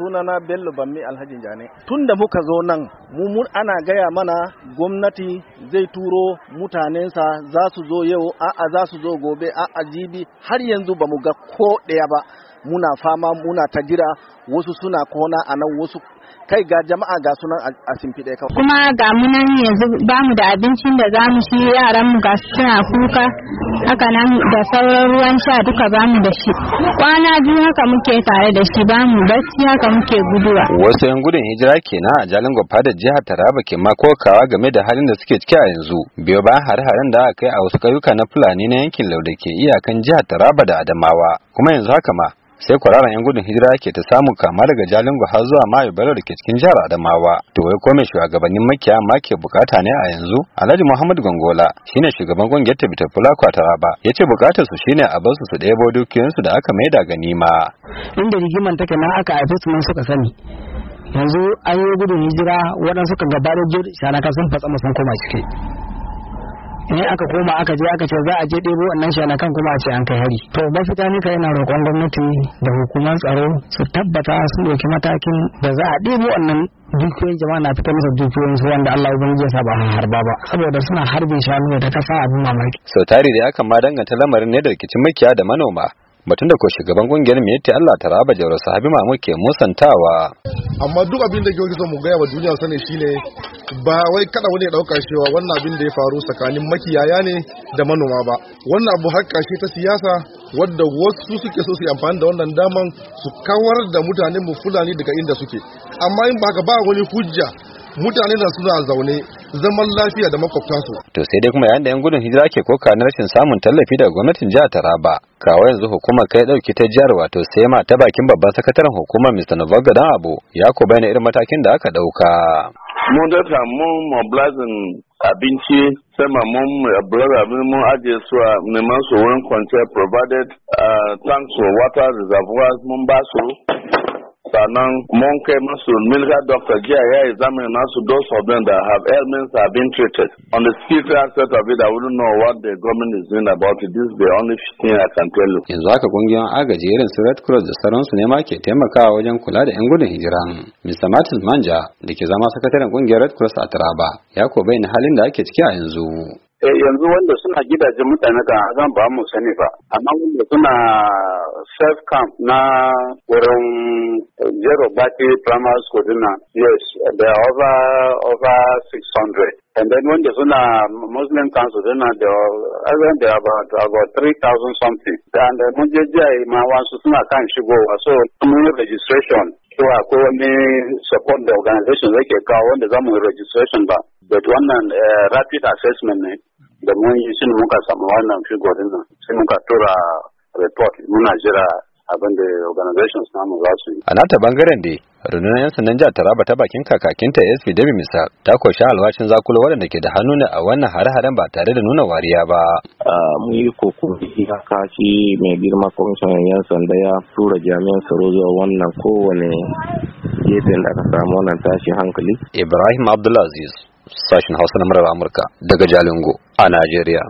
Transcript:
sunana bello bammi alhaji jane tun da muka zo nan mu ana gaya mana gwamnati zai turo mutanensa za su zo yau a'a za su zo gobe a'a jibi har yanzu ba mu ga ko ɗaya ba muna fama muna ta jira wasu suna kona a nan wasu kai ga jama'a ga sunan a simfi kawai. kuma ga munan yanzu ba mu da abincin da za mu ci yaran mu ga suna kuka haka nan da sauran ruwan sha duka ba mu da shi kwana biyu haka muke tare da shi ba mu bacci haka muke guduwa. wasu yan gudun hijira kenan a jalin gwafa da jihar taraba ke makokawa game da halin da suke ciki a yanzu biyo bayan hare-haren da aka kai a wasu ƙauyuka na fulani na yankin lauda ke iyakan jihar taraba da adamawa kuma yanzu haka ma sai kwararan yan gudun hijira ke ta samu kama daga jalingo har zuwa mayu barar da ke cikin jihar Adamawa. To wai kome shugabannin makiya ma ke bukata ne a yanzu? Alhaji Muhammad Gongola shine shugaban kungiyar Tabita Fulakwa Taraba. Ya ce bukatar su shine a basu su ɗebo su da aka maida ganima. Inda rigiman take na aka haife su mun suka sani. Yanzu an yi gudun hijira waɗansu kan gaba da jirgin shanaka sun fatsa sun koma ciki. ne aka koma aka je aka ce za a je ɗebo wannan shanakan kuma a ce an kai hari to mafita ne ka yana roƙon gwamnati da hukumar tsaro su tabbata su ɗauki matakin da za a ɗebo wannan dukiyoyin jama'a na fitar masa dukiyoyin su wanda Allah ubangiji ya saba harba ba saboda suna harbin shanu da ta kasa abin mamaki sau tari da ya ma danganta lamarin ne da rikicin makiya da manoma batun da ko shugaban kungiyar miyatti Allah ta raba Jauro Sahabi ma ke musantawa amma duk abin da ke mu gaya wa duniya shi ne, ba wai kada wani ya dauka cewa wannan abin da ya faru tsakanin makiyaya ne da manoma ba wannan abu har shi ta siyasa wadda wasu suke so su amfani da wannan daman su kawar da mutanen mu fulani daga inda suke amma in ba ka ba wani hujja mutane da suna zaune zaman lafiya da makwabtansu. To sai dai kuma yayin da 'yan gudun hijira ke koka na rashin samun tallafi daga gwamnatin jihar Taraba. Kawo yanzu hukumar kai ɗauki ta jihar wato sai ma ta bakin babban sakataren hukumar Mr. Novaga Dan abu ya ko bayyana irin matakin da aka ɗauka. Mun da samu mobilizing abinci sama mun eh, blog abin mun ajiye su a neman su wurin kwanciyar provided eh, tanks water reservoirs mun ba su sannan mun kai masu milga doctor jiya ya yi zamani nasu those of them that have ailments have been treated on the spiritual aspect of it I wouldn't know what the government is doing about it this is the only thing I can tell you yanzu haka kungiyoyin agaji irin su Red Cross da sauransu ne ma ke taimakawa wajen kula da 'yan gudun hijira Mr. Martin Manja da ke zama sakataren kungiyar Red Cross a Taraba ya ko bayyana halin da ake ciki a yanzu eh yanzu wanda suna gidajen mutane kan zan ba mu sani ba amma wanda suna self camp na wurin Zero Battery Primary School dinnan, yes, there are over, over 600. And then when the Zuna Muslim Council dinnan, there are, I there about, about 3,000 something. And the Mujeja ma suna kan shigowa, so mun registration. So akwai wani support the organization zai ke kawo wanda za mu registration ba. But wannan uh, rapid assessment ne. Da mun yi shi muka samu wannan figo dinnan. Sai muka tura report muna jira abin da organizations namu za su yi. A nata bangaren da rundunar 'yan sandan jihar Taraba ta bakin kakakinta SP da Misal ta koshi alwashin zakulo waɗanda ke da hannu ne a wannan hare-haren ba tare da nuna wariya ba. Mu yi kokuri haka shi mai girma kwamishinan 'yan sanda ya tura jami'an tsaro zuwa wannan kowane gefen da aka samu wannan tashi hankali. Ibrahim Abdulaziz, sashen Hausa na murar Amurka daga Jalingo a Najeriya.